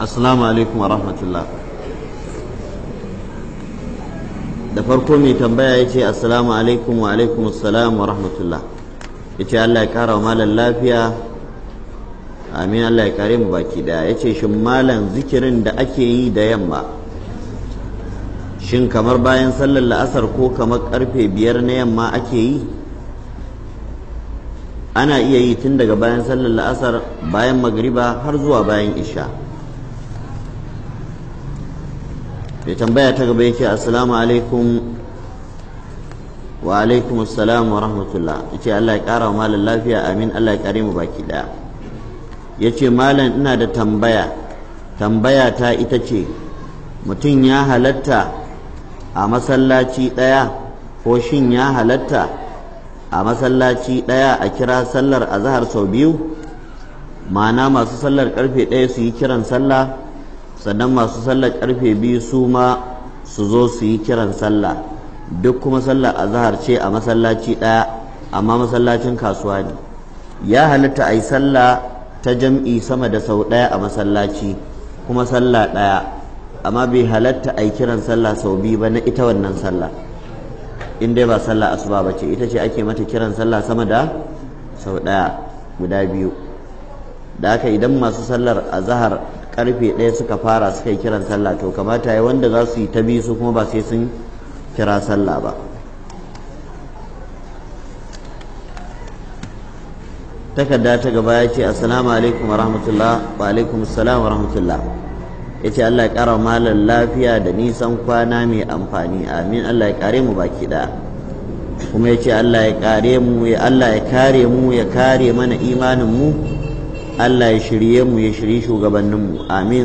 assalamu alaikum wa rahmatullah da farko mai tambaya ya ce assalamu alaikum wa alaikum assalam wa rahmatullah ya ce Allah ya kara wa malar lafiya amin Allah ya kare mu baki daya ya ce shin malan zikirin da ake yi da yamma shin kamar bayan sallar la'asar ko kamar karfe biyar na yamma ake yi ana iya yi tun daga bayan sallar la'asar bayan magariba har zuwa bayan isha mai tambaya ta gaba yake assalamu alaikum wa alaikum assalam wa rahmatullah yace Allah ya kara wa malam lafiya amin Allah ya kare mu baki daya yace malam ina da tambaya tambaya ta ita ce mutum ya halatta a masallaci daya ko shin ya halatta a masallaci daya a kira sallar azhar sau biyu ma'ana masu sallar karfe daya su yi kiran sallah sannan masu sallar karfe biyu su ma su zo su yi kiran sallah duk kuma sallar azahar ce a masallaci ɗaya amma masallacin kasuwa ne ya halitta a yi sallah ta jam'i sama da sau ɗaya a masallaci kuma sallah ɗaya amma bai halatta a yi kiran sallah sau biyu ba na ita wannan sallah in dai ba sallah asuba ba ce ita ce ake mata kiran sallah sama da sau ɗaya guda biyu da haka idan masu sallar azahar karfe ɗaya suka fara suka yi kiran sallah to kamata ya wanda za su yi ta biyu su kuma ba sai sun kira sallah ba takarda ta gaba ya ce assalamu alaikum wa rahmatullah wa alaikum assalam wa rahmatullah ya ce Allah ya ƙara malar lafiya da nisan kwana mai amfani amin Allah ya ƙare mu baki ɗaya kuma ya ce Allah ya ƙare mu ya Allah ya kare mu ya kare mana imanin mu Allah ya shirye mu ya shirye shugabanninmu amin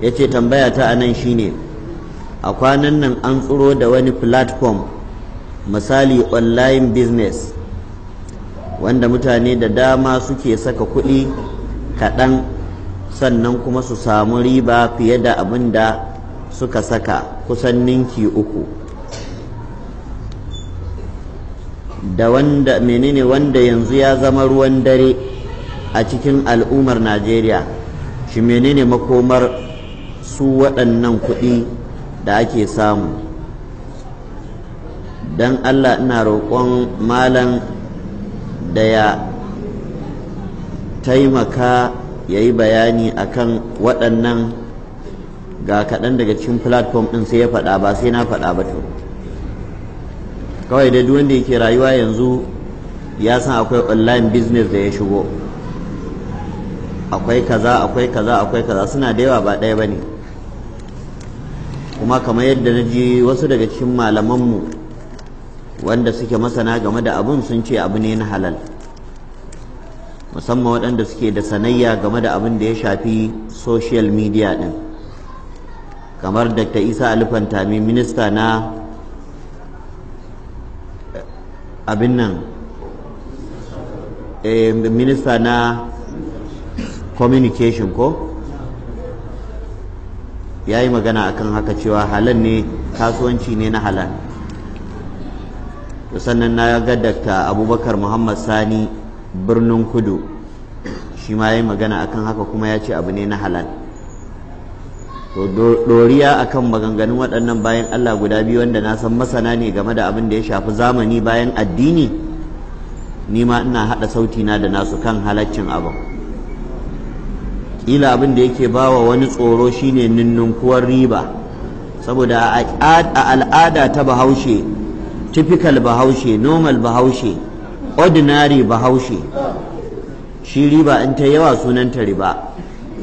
ya ce tambaya ta anan shine a kwanan nan an tsoro da wani platform misali online business wanda mutane da dama suke saka kuɗi kaɗan sannan kuma su samu riba fiye da abin da suka saka kusan ninki uku da wanda menene wanda yanzu ya zama ruwan dare a cikin al'ummar najeriya shi menene makomar su waɗannan kuɗi da ake samu don allah ina roƙon malam da ya taimaka ya yi bayani kan waɗannan ga kaɗan daga cikin platform ɗin sai ya faɗa ba sai na faɗa ba to kawai da duk wanda yake rayuwa yanzu ya san akwai online business da ya shigo akwai kaza akwai kaza akwai kaza suna da yawa ba ɗaya ba ne kuma kamar yadda na ji wasu daga cikin malamanmu wanda suke masana game da abun sun ce abu ne na halal musamman waɗanda suke da sanayya game da abin da ya shafi social media ɗin kamar dr isa alifantami minista na eh, abin nan eh, minista na communication ko ya yi magana akan haka cewa halal ne kasuwanci ne na halal sannan na ga dakta abubakar muhammad sani birnin kudu shi ma ya yi magana akan haka kuma ya ce abu ne na halal to doriya akan maganganun waɗannan bayan allah guda biyu wanda na san masana ne game da abin da ya shafi zamani bayan addini ni ma ina haɗa sauti na da nasu kan halaccin abin kila abin da yake bawa wani tsoro shine ninnunkuwar riba saboda a al'ada ta bahaushe typical bahaushe normal bahaushe ordinary bahaushe shi riba in ta yawa sunanta riba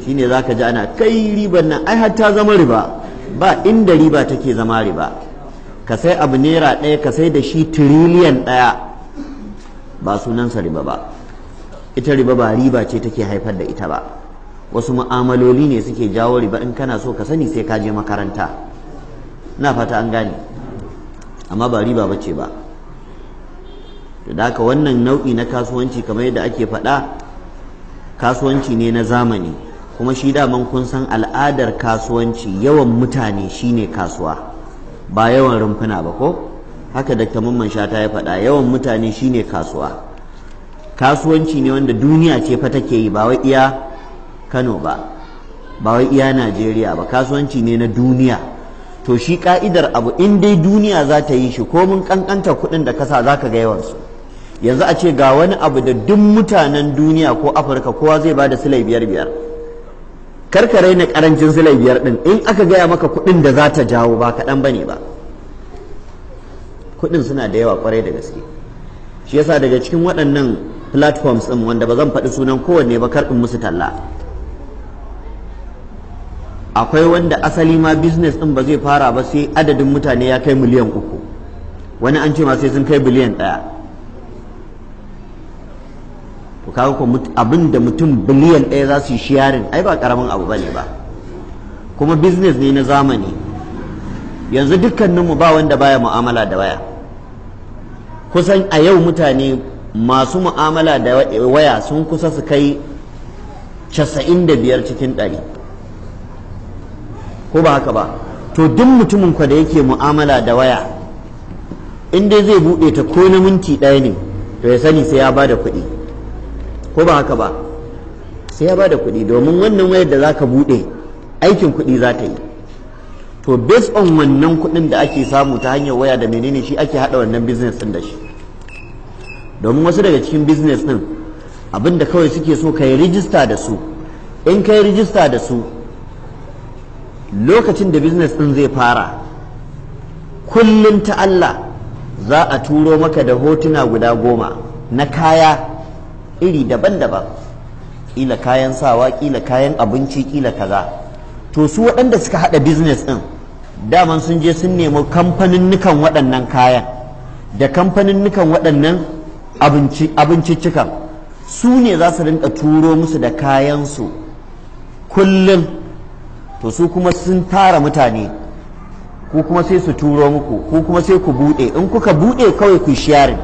shine zaka ji ana kai riban nan ai har ta zama riba ba inda riba take zama riba ka sai abu naira ɗaya ka sai da shi tiriliyan ɗaya ba sunansa riba ba ita riba ba riba ce take haifar da ita ba wasu mu'amaloli ne suke jawo riba in kana so ka sani sai ka je makaranta na fata an gane amma ba riba bace ba da haka wannan nau'i na kasuwanci kamar yadda ake faɗa kasuwanci ne na zamani kuma shi daman kun san al'adar kasuwanci yawan mutane shine kasuwa ba yawan rumfuna ba ko haka da Mamman Shata ya faɗa yawan mutane shine kasuwa kasuwanci ne wanda duniya ce fa take yi ba wai iya kano ba ba wai iya najeriya ba kasuwanci ne na duniya to shi ka'idar abu in dai duniya za ta yi shi ko mun kankanta kuɗin da kasa za ka ga yawansu yanzu a ce ga wani abu da duk mutanen duniya ko afirka kowa zai ba da silai biyar biyar karka raina karancin silai biyar din in aka gaya maka kuɗin da za ta jawo ba kaɗan bane ba kuɗin suna da yawa kwarai da gaske shi yasa daga cikin waɗannan platforms ɗin wanda ba zan faɗi sunan kowanne ba kar in musu talla akwai wanda asali ma business din ba zai fara ba sai adadin mutane ya kai miliyan uku wani an ce ma sai sun kai biliyan ɗaya to kaga ko abin da mutum biliyan ɗaya za su yi sharin ai ba karamin abu bane ba kuma business ne na zamani yanzu dukkaninmu ba wanda baya mu'amala da waya kusan a yau mutane masu mu'amala da waya sun kusa su kai 95 cikin ɗari. ko ba haka ba to duk mutumin ka da yake mu'amala da waya in dai zai buɗe ta ko na minti ɗaya ne to ya sani sai ya ba da ko ba haka ba sai ya ba da domin wannan wayar da zaka bude buɗe aikin kuɗi za ta yi to based on wannan kuɗin da ake samu ta hanyar waya da menene shi ake haɗa wannan business ɗin da shi domin wasu daga cikin business ɗin abinda kawai suke so ka yi rijista da su in ka yi da su lokacin da business ɗin zai fara kullum ta Allah za a turo maka da hotuna guda goma na kaya iri daban-daban ƙila kayan sawa ƙila kayan abinci ƙila kaza to su waɗanda suka haɗa business ɗin daman sun je sun nemi kamfanin nukan waɗannan kayan da kamfanin nukan waɗannan abinciccikan su ne za su rinka turo musu da kayansu kullum to su kuma sun tara mutane ku kuma sai su turo muku ku kuma sai ku buɗe in kuka buɗe kawai ku sharing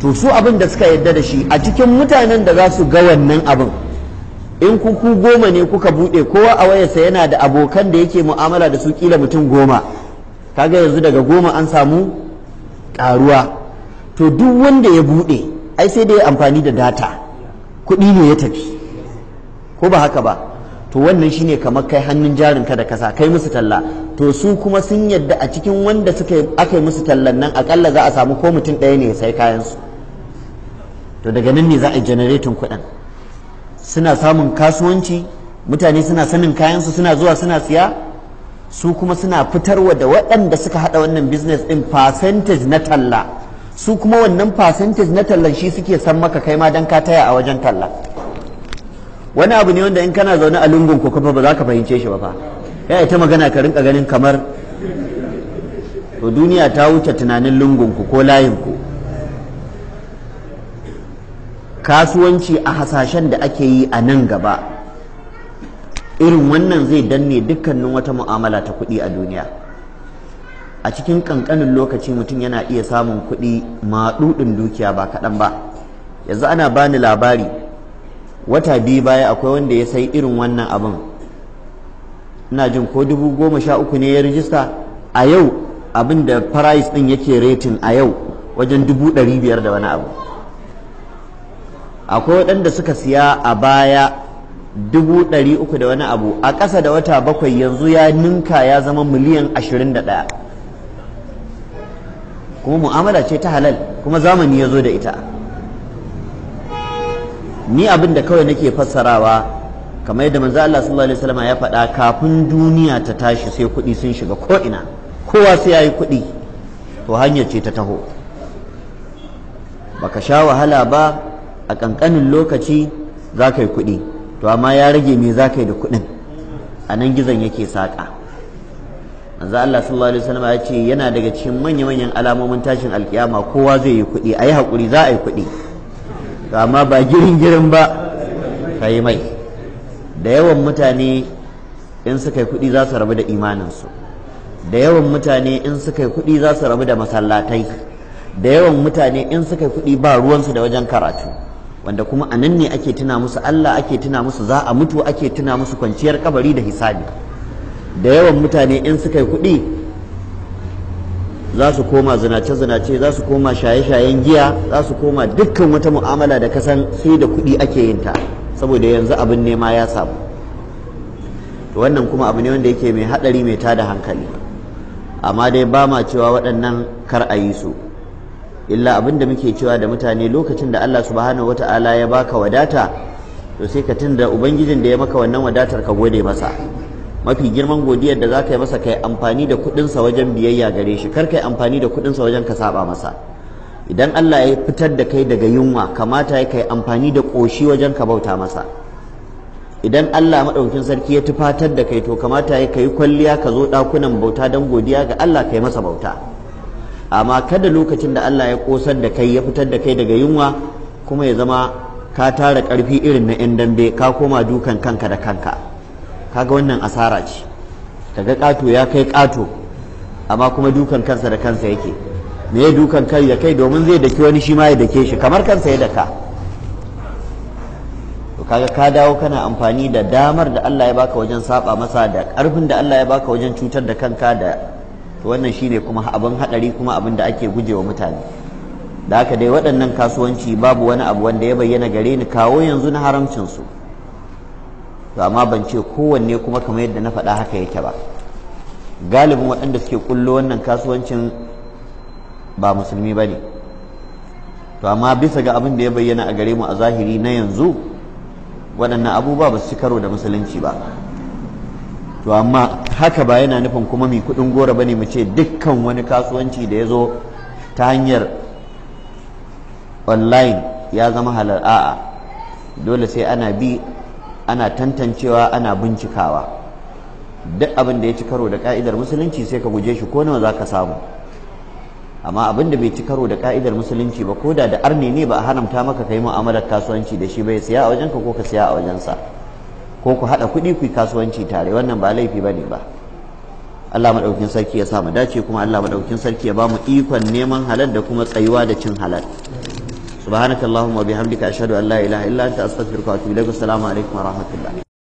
to su abin da suka yadda da shi a cikin mutanen da za su ga wannan abin in ku ku goma ne kuka buɗe kowa a wayarsa yana da abokan da yake mu'amala da su kila mutum goma kaga yanzu daga goma an samu ƙaruwa to duk wanda ya buɗe ai sai dai amfani da data kuɗi ne ya tafi ko ba haka ba to wannan shine kamar kai hannun jarinka da kasa kai musu talla to su kuma sun yadda a cikin wanda suka aka yi musu tallan nan akalla za a samu ko mutum ɗaya ne sai kayan su to daga nan ne za a generating kuɗin suna samun kasuwanci mutane suna sanin kayansu suna zuwa suna siya su kuma suna fitarwa da waɗanda suka haɗa wannan business ɗin percentage na talla su kuma wannan percentage na tallan shi suke san maka kai ma dan ka taya a wajen talla wani abu ne wanda in kana zaune a lungun ko kuma ba za ka fahimce shi ba fa ya ita magana ka rinka ganin kamar to duniya ta wuce tunanin lungun ku ko layin ku kasuwanci a hasashen da ake yi a nan gaba irin wannan zai danne dukkanin wata mu'amala ta kuɗi a duniya a cikin ƙanƙanin lokaci mutum yana iya samun kuɗi maɗuɗin dukiya ba kaɗan ba yanzu ana bani labari wata biyu baya akwai wanda ya sai irin wannan abin ina jin ko dubu goma sha uku ne ya rijista a yau abin da price din yake retin a yau wajen dubu ɗari biyar da wani abu akwai waɗanda suka siya a baya dubu ɗari uku da wani abu a ƙasa da wata bakwai yanzu ya ninka ya zama miliyan ashirin da ɗaya kuma mu'amala ce ta halal kuma zamani ya zo da ita ni abin da kawai nake fassarawa kamar yadda manzo Allah sallallahu alaihi wasallam ya faɗa kafin duniya ta tashi sai kuɗi sun shiga ko ina kowa sai yayi kuɗi to hanyar ce ta taho baka sha wahala ba a ƙanƙanin lokaci za ka yi kuɗi to amma ya rage me za ka yi da kuɗin a nan gizon yake saƙa manzo Allah sallallahu alaihi wasallam ya ce yana daga cikin manya-manyan alamomin tashin alkiyama kowa zai yi kuɗi ayi hakuri za a yi kuɗi to amma ba girin girin ba ka yi mai da yawan mutane in suka yi kuɗi za su rabu da imaninsu da yawan mutane in suka yi kuɗi za su rabu da masallatai da yawan mutane in suka yi kuɗi ba ruwansu da wajen karatu wanda kuma a nan ne ake tuna musu Allah ake tuna musu za a mutu ake tuna musu kwanciyar kabari da hisabi da yawan mutane in suka yi kuɗi za su koma zinace-zinace za su koma shaye-shayen giya za su koma dukkan wata mu'amala da kasan sai da kuɗi ake yin ta saboda yanzu abin nema ya samu to wannan kuma abu ne wanda yake mai haɗari mai tada hankali amma dai ba ma cewa waɗannan kar a yi su illa abin da muke cewa da mutane lokacin da Allah subhanahu wata'ala ya baka wadata to sai ka tunda ubangijin da ya maka wannan wadatar ka gode masa mafi girman godiyar da za ka yi masa ka yi amfani da kuɗinsa wajen biyayya gare shi kar ka yi amfani da kuɗinsa wajen ka saba masa idan Allah ya fitar da kai daga yunwa kamata ya kai amfani da ƙoshi wajen ka bauta masa idan Allah maɗaukin sarki ya tufatar da kai to kamata ya kai kwalliya ka zo ɗakunan bauta don godiya ga Allah kai masa bauta amma kada lokacin da Allah ya ƙosar da kai ya fitar da kai daga yunwa kuma ya zama ka tara ƙarfi irin na 'yan dambe ka koma dukan kanka da kanka kaga wannan asara ce kaga kato ya kai kato amma kuma dukan kansa da kansa yake me ya dukan kai ya kai domin zai daki wani shi ma ya dake shi kamar kansa ya daka to kaga ka dawo kana amfani da damar da Allah ya baka wajen saba masa da karfin da Allah ya baka wajen cutar da kanka da to wannan shine kuma abin hadari kuma abin da ake gujewa mutane da haka dai waɗannan kasuwanci babu wani abu wanda ya bayyana gare ni kawo yanzu na haramcin su to amma ban ce kowanne kuma kamar yadda na faɗa haka yake ba galibin waɗanda suke kullo wannan kasuwancin ba musulmi ba ne to amma bisa ga abin da ya bayyana a gare mu a zahiri na yanzu waɗannan abubuwa ba su ci karo da musulunci ba to amma haka ba yana nufin kuma mai kuɗin gora ba ne mu ce dukkan wani kasuwanci da ya zo ta hanyar online ya zama halal a'a dole sai ana bi ana tantancewa ana bincikawa duk abin da ya ci karo da ka'idar musulunci sai ka guje shi ko nawa za ka samu amma abin da bai ci karo da ka'idar musulunci ba ko da da arne ne ba a haramta maka ka yi mu'amalar kasuwanci da shi bai siya a wajenka ko ka siya a wajensa ko ku haɗa kuɗi ku yi kasuwanci tare wannan ba laifi ba ne ba Allah maɗaukin sarki ya sa mu dace kuma Allah maɗaukin sarki ya ba mu ikon neman halal da kuma tsayuwa da cin halal subhanakallahumma wa bihamdika ashhadu an la ilaha illa anta astaghfiruka wa atubu ilaik assalamu alaikum wa rahmatullah